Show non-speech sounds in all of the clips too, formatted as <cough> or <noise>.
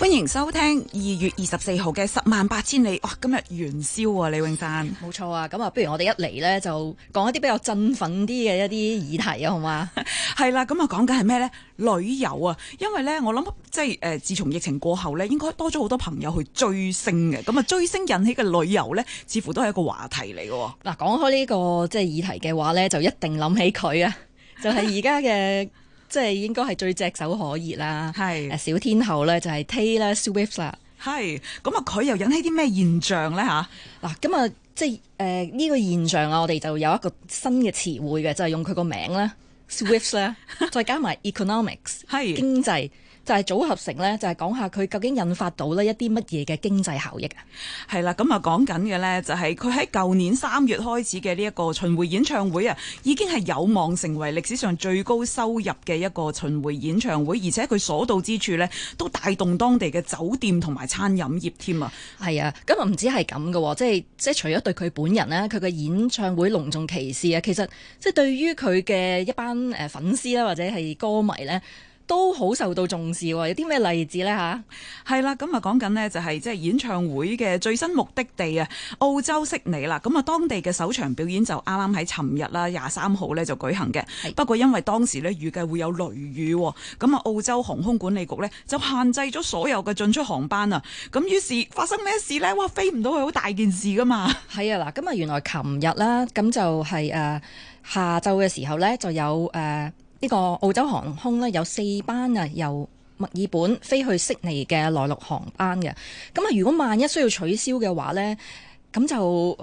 歡迎收聽二月二十四號嘅十萬八千里。哇，今日元宵啊，李永山。冇錯啊，咁啊，不如我哋一嚟，呢，就講一啲比較振奮啲嘅一啲議題啊，好嘛？係 <laughs> 啦，咁啊，講緊係咩呢？旅遊啊，因為呢，我諗即係、呃、自從疫情過後呢，應該多咗好多朋友去追星嘅。咁啊，追星引起嘅旅遊呢， <laughs> 似乎都係一個話題嚟嘅。嗱、啊，講開呢、呢個即係議題嘅話呢，就一定諗起佢啊，就係而家嘅。即係應該係最炙手可熱啦，係小天后咧，就係 Taylor Swift 啦。係咁啊，佢又引起啲咩現象咧吓？嗱，咁啊即係誒，呢個現象啊，我哋就有一個新嘅詞彙嘅，就係、是、用佢個名啦 Swift 咧， <laughs> 再加埋上 economics 係 <laughs> 經濟。就係、是、組合成咧，就係、是、講下佢究竟引發到呢一啲乜嘢嘅經濟效益啊？係啦，咁啊講緊嘅呢，就係佢喺舊年三月開始嘅呢一個巡迴演唱會啊，已經係有望成為歷史上最高收入嘅一個巡迴演唱會，而且佢所到之處呢，都帶動當地嘅酒店同埋餐飲業添啊。係啊，咁啊唔止係咁嘅喎，即係即係除咗對佢本人呢，佢嘅演唱會隆重其事啊，其實即係對於佢嘅一班誒粉絲啦或者係歌迷呢。都好受到重視喎。哦，有啲咩例子呢？吓，係啦，咁啊講緊呢，就係即係演唱會嘅最新目的地啊，澳洲悉尼啦。咁啊，當地嘅首場表演就啱啱喺尋日啦，廿三號咧就舉行嘅。不過因為當時咧預計會有雷雨，咁啊澳洲航空管理局咧就限制咗所有嘅進出航班啊。咁於是發生咩事呢？哇，飛唔到去好大件事噶嘛。係啊，嗱，咁啊原來琴日啦，咁就係、誒呃、下晝嘅時候呢就有誒。呃呢、個澳洲航空呢，有四班啊由墨爾本飛去悉尼嘅內陸航班嘅，咁啊如果萬一需要取消嘅話呢？咁就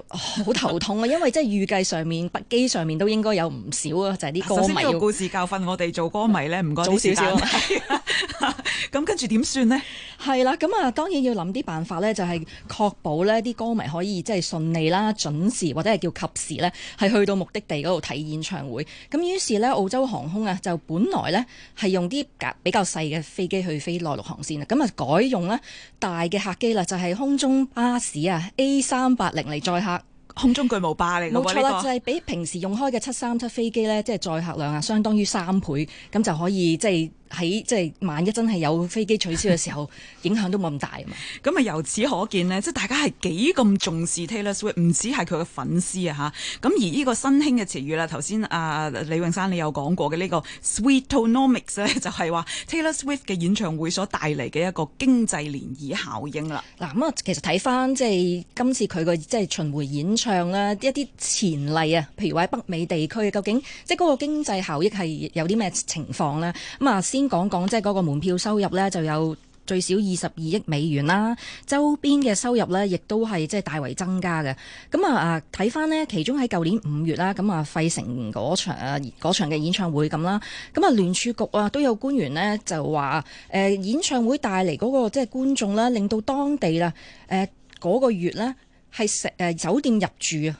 好頭痛啊， <laughs> 因為即係預計上面機上面都應該有唔少啊，就係、是、啲歌迷。故事教訓我哋做歌迷咧，唔該早少少啊。咁跟住點算咧？ <laughs> <laughs> 係啦，咁啊當然要諗啲辦法咧，就係、是、確保咧啲歌迷可以即係順利啦、準時或者係叫及時咧，係去到目的地嗰度睇演唱會，咁於是咧，澳洲航空啊，就本來咧係用啲比較細嘅飛機去飛內陸航線啦，咁啊改用啦大嘅客機啦，就係、是、空中巴士啊 A 三 A3 八零嚟載客，空中巨無霸嚟嘅喎。冇錯啦，這個、就係、是、比平時用開嘅七三七飛機咧，即係載客量啊，相當於三倍，咁就可以即係。喺即係萬一真係有飛機取消嘅時候，影響都冇咁大啊嘛！咁啊，由此可見呢，即大家係幾咁重視 Taylor Swift，唔止係佢嘅粉絲啊嚇。咁而呢個新興嘅詞語啦，頭先啊李永生你有講過嘅呢個 Swiftonomics 咧，就係話 Taylor Swift 嘅演唱會所帶嚟嘅一個經濟漣漪效應啦。嗱咁啊，其實睇翻即係今次佢個即係巡迴演唱啦，一啲前例啊，譬如話喺北美地區，究竟即係嗰個經濟效益係有啲咩情況咧？咁啊先講講即係嗰個門票收入咧，就有最少二十二億美元啦。周邊嘅收入咧，亦都係即係大為增加嘅。咁啊，睇翻呢，其中喺舊年五月啦，咁啊費城嗰場嗰場嘅演唱會咁啦，咁啊聯儲局啊都有官員呢，就話，誒、呃、演唱會帶嚟嗰、嗰個即係、即係、觀眾啦，令到當地啦，誒、呃、嗰、嗰個月咧係食誒酒店入住啊，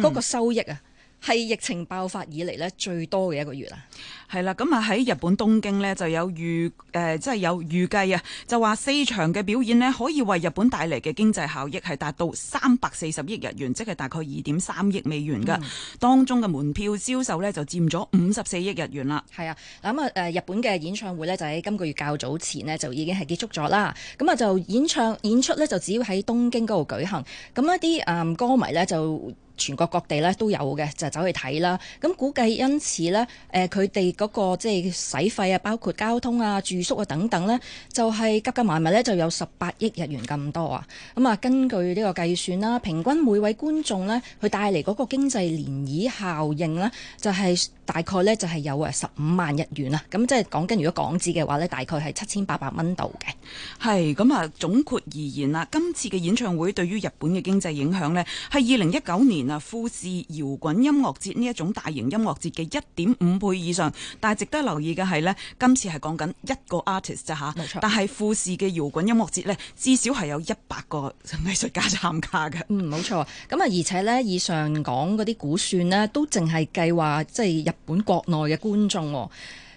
嗰個收益啊。嗯係疫情爆發以嚟咧最多嘅一個月啊！係啦，咁啊喺日本東京呢就有預誒，即、呃、係、就是、有預計啊，就話四場嘅表演咧，可以為日本帶嚟嘅經濟效益係達到三百四十億日元，即係大概二點三億美元噶、嗯。當中嘅門票銷售呢就佔咗五十四億日元啦。係啊，咁啊誒，日本嘅演唱會呢就喺今個月較早前呢就已經係結束咗啦。咁啊就演唱演出呢，就主要喺東京嗰度舉行。咁一啲誒歌迷呢就。全國各地咧都有嘅，就走去睇啦。咁估計因此呢，誒佢哋嗰個即係使費啊，包括交通啊、住宿啊等等，就是，急急呢，就係加加埋埋呢就有十八億日元咁多啊。咁、嗯、啊，根據呢個計算啦，平均每位觀眾呢，佢帶嚟嗰個經濟漣漪效應呢，就係、是，大概呢，就係、是、有誒十五萬日元啦。咁即係講緊如果港紙嘅話呢，大概係七千八百蚊度嘅。係咁啊，總括而言啊，今次嘅演唱會對於日本嘅經濟影響呢，係二零一九年富士搖滾音樂節呢，一種大型音樂節嘅一點五倍以上，但係值得留意嘅係呢，今次係講緊一個 artist 啫嚇，但係富士嘅搖滾音樂節呢，至少係有一百個藝術家參加嘅。嗯，冇錯。咁啊，而且呢，以上講嗰啲估算呢，都淨係計劃即係日本國內嘅觀眾。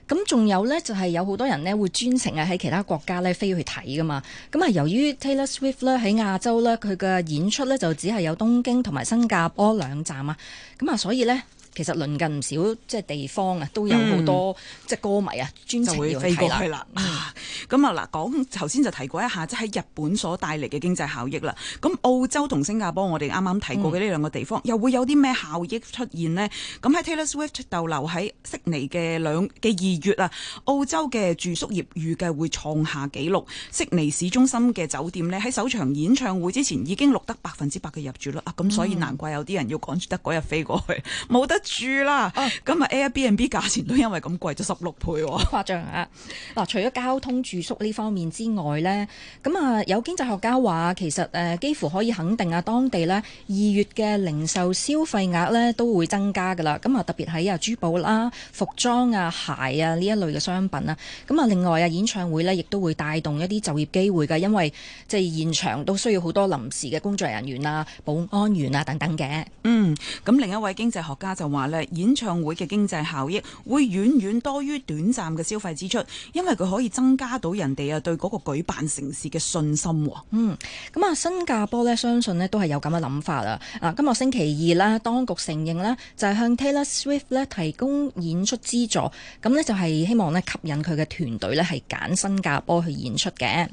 咁仲有呢，就係有好多人呢會專程啊喺其他國家呢飛去睇㗎嘛。咁啊，由於 Taylor Swift 呢喺亞洲呢，佢嘅演出呢就只係有東京同埋新加坡兩站啊。咁啊，所以呢。其實鄰近唔少即係地方啊，都有好多、嗯、即係歌迷啊，專程要就會飛過去啦。咁、嗯、啊嗱，講頭先就提過一下，即係喺日本所帶嚟嘅經濟效益啦。咁澳洲同新加坡，我哋啱啱提過嘅呢兩個地方，嗯、又會有啲咩效益出現呢？咁喺 Taylor Swift 逗留喺悉尼嘅兩嘅二月啊，澳洲嘅住宿業預計會創下紀錄。悉尼市中心嘅酒店呢，喺首場演唱會之前已經錄得百分之百嘅入住率、嗯、啊，咁所以難怪有啲人要趕住得嗰日飛過去，冇得住啦，咁啊 Airbnb 價錢都因為咁貴咗十六倍喎，誇張啊！嗱，除咗交通住宿呢方面之外咧，咁啊有經濟學家話，其實誒幾乎可以肯定啊，當地咧二月嘅零售消費額咧都會增加噶啦。咁啊特別喺啊珠寶啦、服裝啊、鞋啊呢一類嘅商品啦。咁啊另外啊演唱會咧，亦都會帶動一啲就業機會嘅，因為即係現場都需要好多臨時嘅工作人員啊、保安員啊等等嘅。嗯，咁另一位經濟學家就。話咧演唱會嘅經濟效益會遠遠多於短暫嘅消費支出，因為佢可以增加到人哋啊對嗰個舉辦城市嘅信心。嗯，咁啊新加坡咧相信咧都係有咁嘅諗法啦。啊，今日星期二啦，當局承認咧就係向 Taylor Swift 咧提供演出資助，咁咧就係希望咧吸引佢嘅團隊咧係揀新加坡去演出嘅。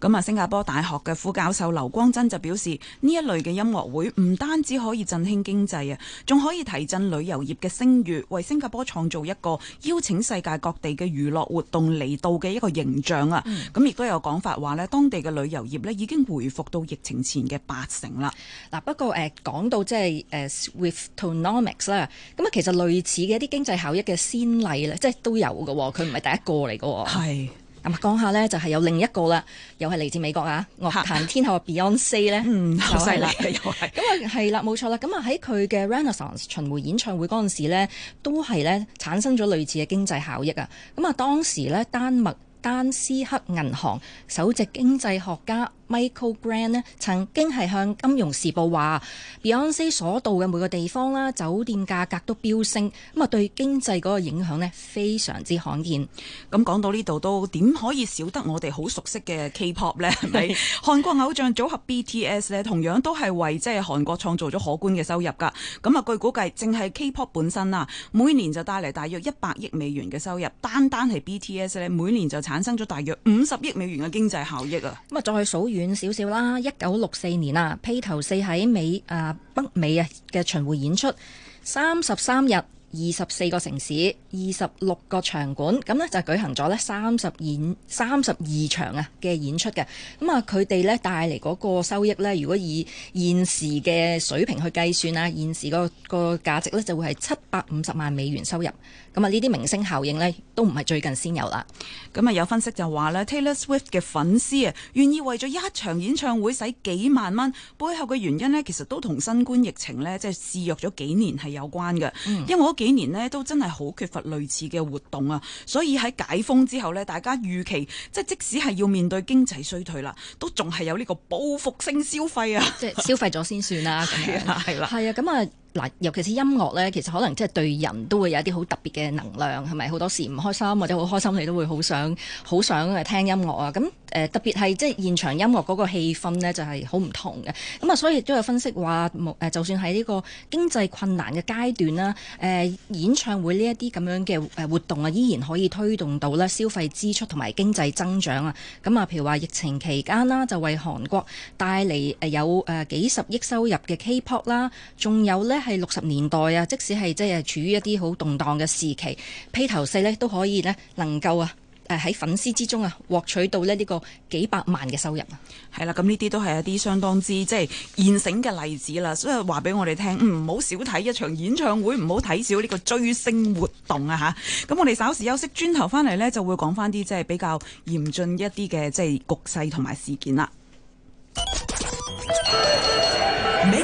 咁啊，新加坡大學嘅副教授劉光真就表示，呢一類嘅音樂會唔單止可以振興經濟啊，仲可以提振。旅遊業嘅聲譽，為新加坡創造一個邀請世界各地嘅娛樂活動嚟到嘅一個形象啊！咁亦都有講法話咧，當地嘅旅遊業咧已經回復到疫情前嘅八成啦。嗱、啊，不過誒，講、呃、到即係誒，Swiftonomics 啦，咁啊，其實類似嘅一啲經濟效益嘅先例咧，即係都有嘅，佢唔係第一個嚟嘅。係。咁啊，講下咧就係有另一個啦，又係嚟自美國啊，樂壇天后的 Beyonce 咧、就是，嗯，好犀利啊，又係，咁啊係啦，冇、嗯、錯啦，咁啊喺佢嘅 Renaissance 巡迴演唱會嗰陣時咧，都係咧產生咗類似嘅經濟效益啊！咁、嗯、啊當時咧丹麥丹斯克銀行首席經濟學家。Michael Grant 咧曾經係向《金融時報話 b e y o n c e 所到嘅每個地方啦，酒店價格都飆升，咁啊對經濟嗰個影響咧非常之罕見，咁講到呢度都點可以少得我哋好熟悉嘅 K-pop 咧？係咪韓國偶像組合 BTS 咧，同樣都係為即係韓國創造咗可觀嘅收入噶，咁啊據估計淨係 K-pop 本身啊，每年就帶嚟大約一百億美元嘅收入，單單係 BTS 咧，每年就產生咗大約五十億美元嘅經濟效益啊！咁啊，再數遠短少少啦，一九六四年啊，披頭四喺美啊北美啊嘅巡回演出三十三日。二十四個城市，二十六個場館，咁呢就舉行咗呢三十演三十二場啊嘅演出嘅。咁啊，佢哋呢帶嚟嗰個收益呢，如果以現時嘅水平去計算啊，現時個個價值呢就會係七百五十萬美元收入。咁啊，呢啲明星效應呢都唔係最近先有啦。咁、嗯、啊，有分析就話呢 Taylor Swift 嘅粉絲啊，願意為咗一場演唱會使幾萬蚊，背後嘅原因呢其實都同新冠疫情呢，即係制約咗幾年係有關嘅。因為幾年呢都真係好缺乏類似嘅活動啊，所以喺解封之後呢，大家預期即係即使係要面對經濟衰退啦，都仲係有呢個報復性消費啊，即 <laughs> 係消費咗先算啦，係啦，係啊，咁啊嗱、啊，尤其是音樂呢，其實可能即係對人都會有一啲好特別嘅能量，係、嗯、咪？好多時唔開心或者好開心，你都會好想好想聽音樂啊，咁。誒特別係即係現場音樂嗰個氣氛呢，就係好唔同嘅。咁啊，所以亦都有分析話，誒就算喺呢個經濟困難嘅階段啦，誒演唱會呢一啲咁樣嘅誒活動啊，依然可以推動到咧消費支出同埋經濟增長啊。咁啊，譬如話疫情期間啦，就為韓國帶嚟誒有誒幾十億收入嘅 K-pop 啦，仲有呢，係六十年代啊，即使係即係處於一啲好動盪嘅時期，披頭四呢都可以呢能夠啊。誒，喺粉絲之中啊，獲取到咧呢個幾百萬嘅收入啊，係啦，咁呢啲都係一啲相當之即係、就是、現成嘅例子啦。所以話俾我哋聽，唔好少睇一場演唱會，唔好睇少呢個追星活動啊！吓，咁我哋稍時休息，轉頭翻嚟呢就會講翻啲即係比較嚴峻一啲嘅即係局勢同埋事件啦。美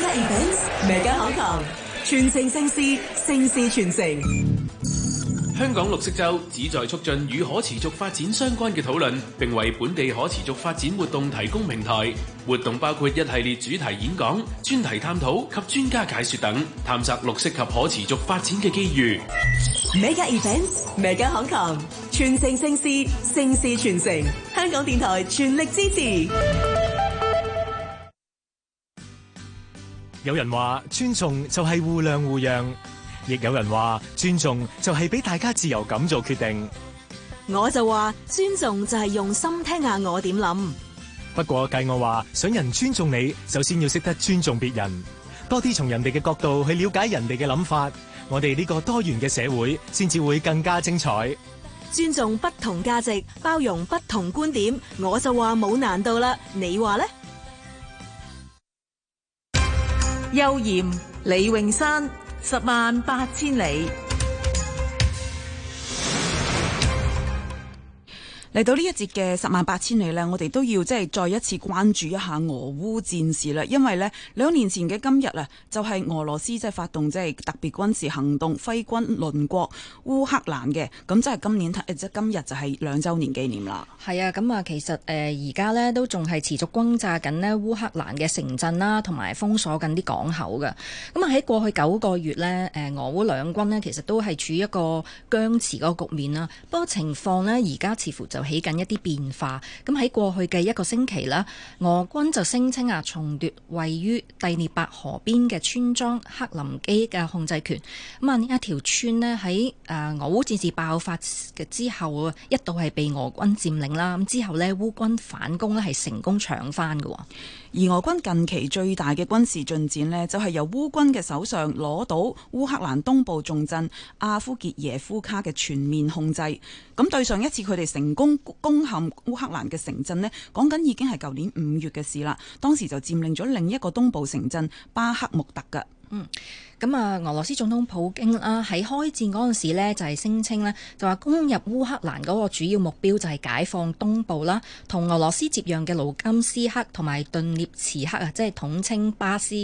香港綠色周旨在促進與可持續發展相關嘅討論，並爲本地可持續發展活動提供平台。活動包括一系列主題演講、專題探討及專家解說等，探索綠色及可持續發展嘅機遇。Mega Events，Mega Hong Kong，傳承盛事，盛事傳承，香港電台全力支持。有人話尊重就係互諒互讓。亦有人話尊重就係俾大家自由咁做決定。十萬八千里。嚟到呢一節嘅十萬八千里呢，我哋都要即係再一次關注一下俄烏戰事啦。因為呢，兩年前嘅今日啊，就係俄羅斯即係發動即係特別軍事行動，揮軍鄰國烏克蘭嘅。咁即係今年即係今日就係兩週年紀念啦。係啊，咁啊其實誒而家呢都仲係持續轟炸緊呢烏克蘭嘅城鎮啦，同埋封鎖緊啲港口嘅。咁啊喺過去九個月呢，誒俄烏兩軍呢其實都係處於一個僵持個局面啦。不過情況呢，而家似乎就起緊一啲變化，咁喺過去嘅一個星期啦，俄軍就聲稱啊，重奪位於第聶伯河邊嘅村莊克林基嘅控制權。咁啊，呢一條村呢，喺誒俄烏戰事爆發嘅之後，一度係被俄軍佔領啦。咁之後呢，烏軍反攻呢係成功搶翻㗎。而俄軍近期最大嘅軍事進展呢，就係由烏軍嘅手上攞到烏克蘭東部重鎮阿夫傑耶夫卡嘅全面控制。咁對上一次佢哋成功。攻陷烏克蘭嘅城鎮呢，講緊已經係舊年五月嘅事啦。當時就佔領咗另一個東部城鎮巴克穆特噶。嗯。咁啊，俄羅斯總統普京啦，喺開戰嗰陣時咧，就係聲稱咧，就話攻入烏克蘭嗰個主要目標就係解放東部啦，同俄羅斯接壤嘅盧甘斯克同埋頓涅茨克啊，即係統稱巴斯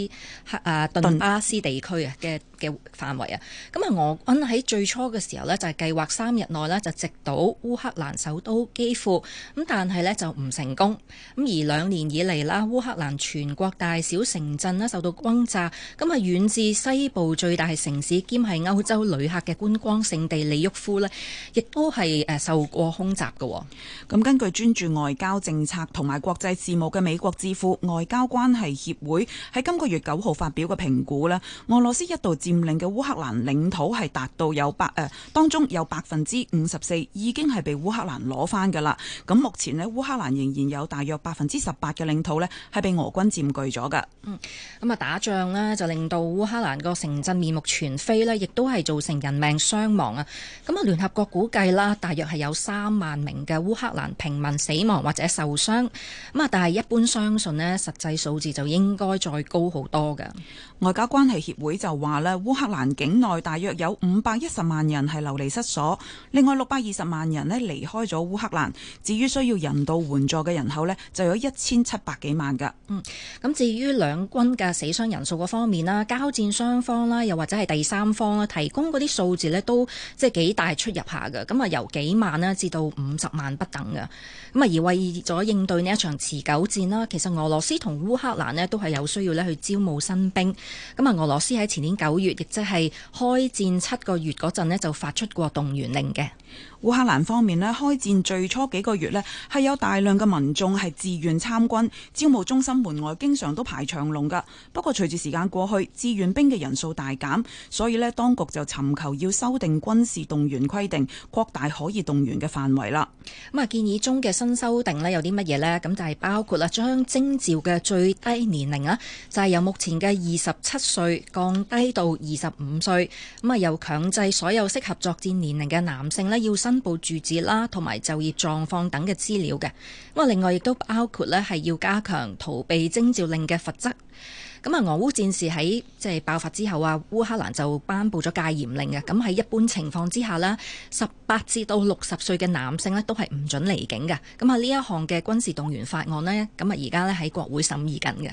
克啊頓巴斯地區啊嘅嘅範圍啊。咁啊，俄軍喺最初嘅時候咧，就係計劃三日內咧就直到烏克蘭首都基輔，咁但係咧就唔成功。咁而兩年以嚟啦，烏克蘭全國大小城鎮咧受到轟炸，咁啊遠至西部最大係城市兼係歐洲旅客嘅觀光勝地利沃夫咧，亦都係誒受過空襲嘅，咁、嗯、根據專注外交政策同埋國際事務嘅美國智庫外交關係協會喺今個月九號發表嘅評估啦，俄羅斯一度佔領嘅烏克蘭領土係達到有百誒、呃、當中有百分之五十四已經係被烏克蘭攞翻噶啦。咁目前咧烏克蘭仍然有大約百分之十八嘅領土咧係被俄軍佔據咗噶。嗯、咁、嗯、啊打仗咧就令到烏克蘭個城鎮面目全非呢，亦都係造成人命傷亡啊！咁啊，聯合國估計啦，大約係有三萬名嘅烏克蘭平民死亡或者受傷。咁啊，但係一般相信呢實際數字就應該再高好多嘅。外交關係協會就話呢，烏克蘭境內大約有五百一十萬人係流離失所，另外六百二十萬人呢離開咗烏克蘭。至於需要人道援助嘅人口呢，就有一千七百幾萬噶。嗯，咁至於兩軍嘅死傷人數嗰方面啦，交戰雙方。方啦，又或者係第三方咧，提供嗰啲數字咧都即係幾大出入下噶，咁啊由幾萬啦至到五十萬不等噶，咁啊而為咗應對呢一場持久戰啦，其實俄羅斯同烏克蘭咧都係有需要咧去招募新兵，咁啊俄羅斯喺前年九月亦即係開戰七個月嗰陣咧就發出過動員令嘅。烏克蘭方面呢，開戰最初幾個月呢，係有大量嘅民眾係自願參軍，招募中心門外經常都排長龍噶。不過隨住時間過去，志願兵嘅人數大減，所以呢當局就尋求要修訂軍事動員規定，擴大可以動員嘅範圍啦。咁啊，建議中嘅新修訂呢有啲乜嘢呢？咁就係包括啦，將徵召嘅最低年齡啊，就係由目前嘅二十七歲降低到二十五歲。咁啊，由強制所有適合作戰年齡嘅男性呢要。分布住址啦，同埋就業狀況等嘅資料嘅。咁啊，另外亦都包括咧，係要加強逃避徵召令嘅罰則。咁啊，俄烏戰事喺即係爆發之後啊，烏克蘭就頒布咗戒嚴令嘅。咁喺一般情況之下咧，十八至到六十歲嘅男性咧都係唔准離境嘅。咁啊，呢一項嘅軍事動員法案咧，咁啊而家咧喺國會審議緊嘅。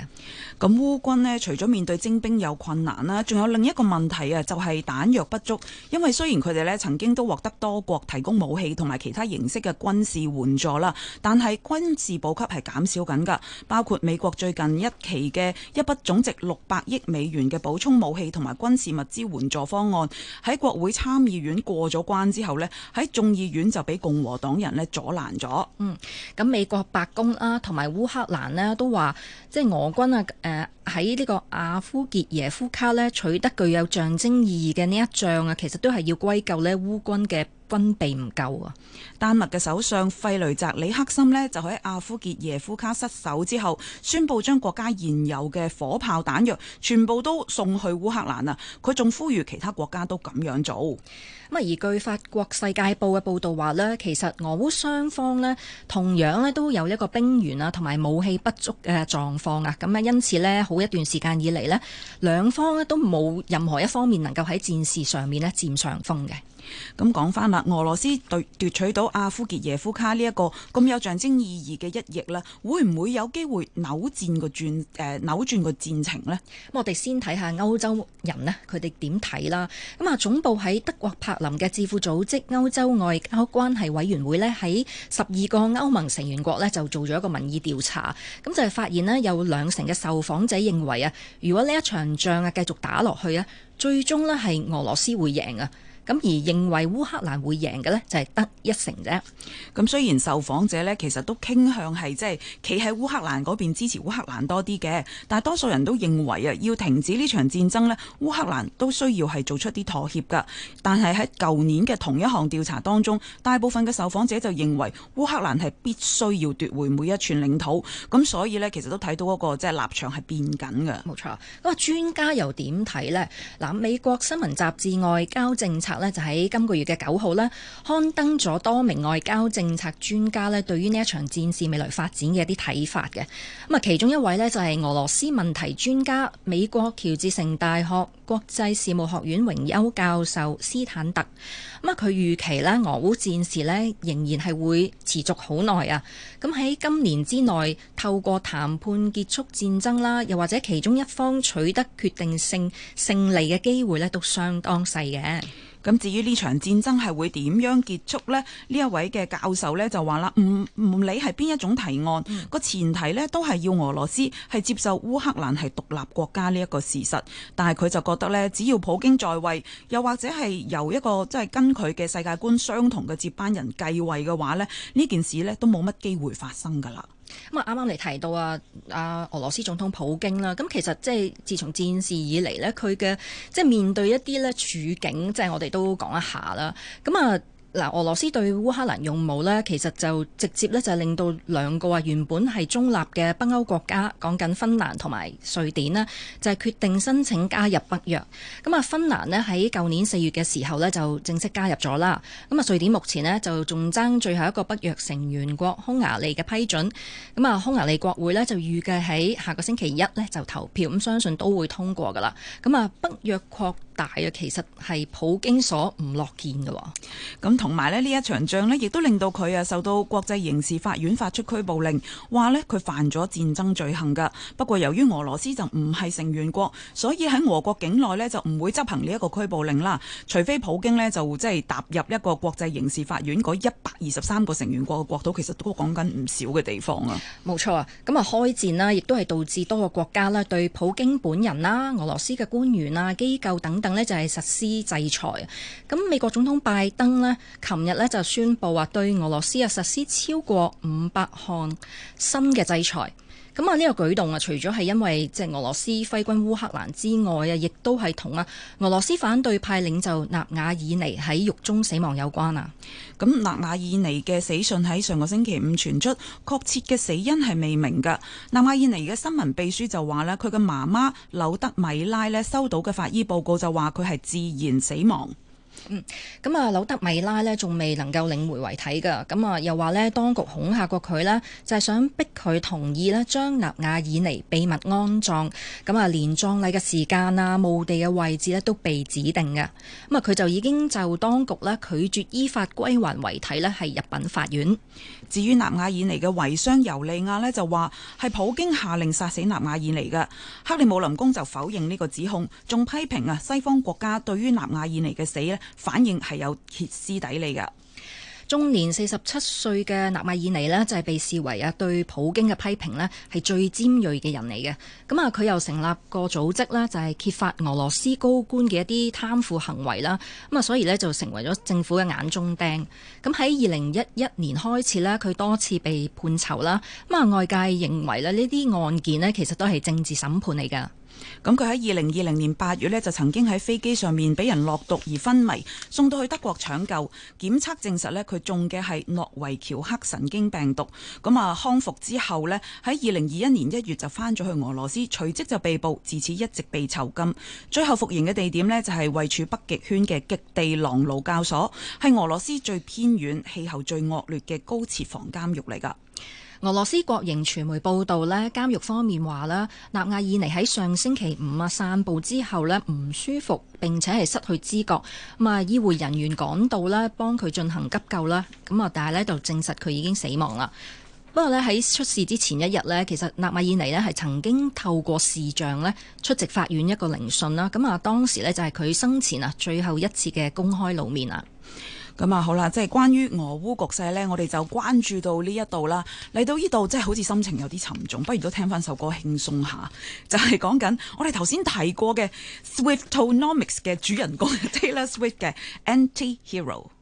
咁烏軍咧，除咗面對徵兵有困難啦，仲有另一個問題啊，就係彈藥不足。因為雖然佢哋咧曾經都獲得多國提供武器同埋其他形式嘅軍事援助啦，但係軍事補給係減少緊噶，包括美國最近一期嘅一筆總值六百億美元嘅補充武器同埋軍事物資援助方案喺國會參議院過咗關之後呢，喺眾議院就俾共和黨人咧阻攔咗。嗯，咁美國白宮啦、啊，同埋烏克蘭呢都話，即係俄軍啊，誒、呃。喺呢個阿夫傑耶夫卡咧取得具有象徵意義嘅呢一仗啊，其實都係要歸咎咧烏軍嘅軍備唔夠啊。丹麥嘅首相費雷澤李克森咧就喺阿夫傑耶夫卡失守之後，宣布將國家現有嘅火炮彈藥全部都送去烏克蘭啊！佢仲呼籲其他國家都咁樣做。咁而據法國世界報嘅報道話咧，其實俄烏雙方咧同樣咧都有一個兵員啊同埋武器不足嘅狀況啊，咁啊，因此咧好一段時間以嚟，呢兩方呢都冇任何一方面能夠喺戰事上面呢佔上風嘅。咁講翻啦，俄羅斯奪奪取到阿夫傑耶夫卡呢一個咁有象徵意義嘅一役啦，會唔會有機會扭轉個轉誒、呃、扭轉個戰情呢？咁我哋先睇下歐洲人呢，佢哋點睇啦？咁，啊，總部喺德國柏林嘅智庫組織歐洲外交關係委員會呢，喺十二個歐盟成員國呢，就做咗一個民意調查，咁就係發現呢，有兩成嘅受訪者認為啊，如果呢一場仗啊繼續打落去啊，最終呢係俄羅斯會贏啊。咁而認為烏克蘭會贏嘅呢，就係得一成啫。咁雖然受訪者呢，其實都傾向係即係企喺烏克蘭嗰邊支持烏克蘭多啲嘅，但係多數人都認為啊，要停止呢場戰爭呢，烏克蘭都需要係做出啲妥協噶。但係喺舊年嘅同一項調查當中，大部分嘅受訪者就認為烏克蘭係必須要奪回每一寸領土。咁所以呢，其實都睇到嗰個即係立場係變緊嘅。冇錯。咁啊，專家又點睇呢？嗱，美國新聞雜誌外交政策。咧就喺今個月嘅九號咧，刊登咗多名外交政策專家咧，對於呢一場戰事未來發展嘅一啲睇法嘅。咁啊，其中一位咧就係俄羅斯問題專家，美國喬治城大學國際事務學院榮休教授斯坦特，咁啊佢預期咧俄烏戰事咧仍然係會持續好耐啊！咁喺今年之內透過談判結束戰爭啦，又或者其中一方取得決定性勝利嘅機會咧，都相當細嘅。咁至於呢場戰爭係會點樣結束呢？呢一位嘅教授咧就話啦：唔唔理係邊一種提案，個前提咧都係要俄羅斯係接受烏克蘭係獨立國家呢一個事實，但係佢就覺。覺得咧，只要普京在位，又或者係由一個即係跟佢嘅世界觀相同嘅接班人繼位嘅話咧，呢件事咧都冇乜機會發生噶啦。咁啊，啱啱你提到啊，啊俄羅斯總統普京啦，咁其實即係自從戰事以嚟咧，佢嘅即係面對一啲咧處境，即係我哋都講一下啦。咁啊。嗱，俄羅斯對烏克蘭用武呢，其實就直接呢，就令到兩個啊原本係中立嘅北歐國家，講緊芬蘭同埋瑞典呢，就係決定申請加入北約。咁啊，芬蘭呢，喺舊年四月嘅時候呢，就正式加入咗啦。咁啊，瑞典目前呢，就仲爭最後一個北約成員國匈牙利嘅批准。咁啊，匈牙利國會呢，就預計喺下個星期一呢，就投票，咁相信都會通過噶啦。咁啊，北約擴大啊，其實係普京所唔樂見嘅喎。咁同埋呢，呢一場仗呢，亦都令到佢啊受到國際刑事法院發出拘捕令，話呢，佢犯咗戰爭罪行噶。不過由於俄羅斯就唔係成員國，所以喺俄國境內呢，就唔會執行呢一個拘捕令啦。除非普京呢，就即係踏入一個國際刑事法院嗰一百二十三個成員國嘅國土，其實都講緊唔少嘅地方啊。冇錯啊。咁啊，開戰啦，亦都係導致多個國家啦對普京本人啦、俄羅斯嘅官員啊、機構等。咧就係、是、實施制裁，咁美國總統拜登呢，琴日呢就宣布話對俄羅斯啊實施超過五百項新嘅制裁。咁啊，呢個舉動啊，除咗係因為即係俄羅斯揮軍烏克蘭之外啊，亦都係同啊俄羅斯反對派領袖納瓦爾尼喺獄中死亡有關啊。咁納瓦爾尼嘅死訊喺上個星期五傳出，確切嘅死因係未明㗎。納瓦爾尼嘅新聞秘書就話呢，佢嘅媽媽柳德米拉呢，收到嘅法醫報告就話佢係自然死亡。嗯，咁啊，柳德米拉呢仲未能夠領回遺體噶，咁啊又話呢，當局恐嚇過佢啦，就係、是、想逼佢同意呢將納瓦爾尼秘密安葬，咁啊連葬禮嘅時間啊、墓地嘅位置呢，都被指定嘅，咁啊佢就已經就當局呢拒絕依法歸還遺體呢，係入稟法院。至於納瓦爾尼嘅遺孀尤利亞咧就話係普京下令殺死納瓦爾尼嘅，克里姆林宮就否認呢個指控，仲批評啊西方國家對於納瓦爾尼嘅死咧反應係有歇斯底里噶。中年四十七歲嘅納瓦爾尼呢，就係被視為啊對普京嘅批評咧，係最尖鋭嘅人嚟嘅。咁啊，佢又成立一個組織啦，就係揭發俄羅斯高官嘅一啲貪腐行為啦。咁啊，所以呢，就成為咗政府嘅眼中釘。咁喺二零一一年開始呢，佢多次被判囚啦。咁啊，外界認為咧呢啲案件呢，其實都係政治審判嚟㗎。咁佢喺二零二零年八月呢，就曾經喺飛機上面俾人落毒而昏迷，送到去德國搶救，檢測證實呢，佢中嘅係諾維喬克神經病毒。咁啊康復之後呢，喺二零二一年一月就翻咗去俄羅斯，隨即就被捕，自此一直被囚禁。最後服刑嘅地點呢，就係位處北極圈嘅極地狼勞教所，係俄羅斯最偏遠、氣候最惡劣嘅高設防監獄嚟噶。俄羅斯國營傳媒報道咧，監獄方面話啦，納瓦爾尼喺上星期五啊散步之後咧唔舒服，並且係失去知覺，咁啊醫護人員趕到咧幫佢進行急救啦，咁啊但係咧就證實佢已經死亡啦。不過咧喺出事之前一日咧，其實納瓦爾尼咧係曾經透過視像咧出席法院一個聆訊啦，咁啊當時咧就係佢生前啊最後一次嘅公開露面啊。咁啊，好啦，即係關於俄烏局勢咧，我哋就關注到呢一度啦。嚟到呢度，即係好似心情有啲沉重，不如都聽翻首歌輕鬆下，就係講緊我哋頭先提過嘅 Swiftonomics 嘅主人公 <laughs> Taylor Swift 嘅 Anti Hero。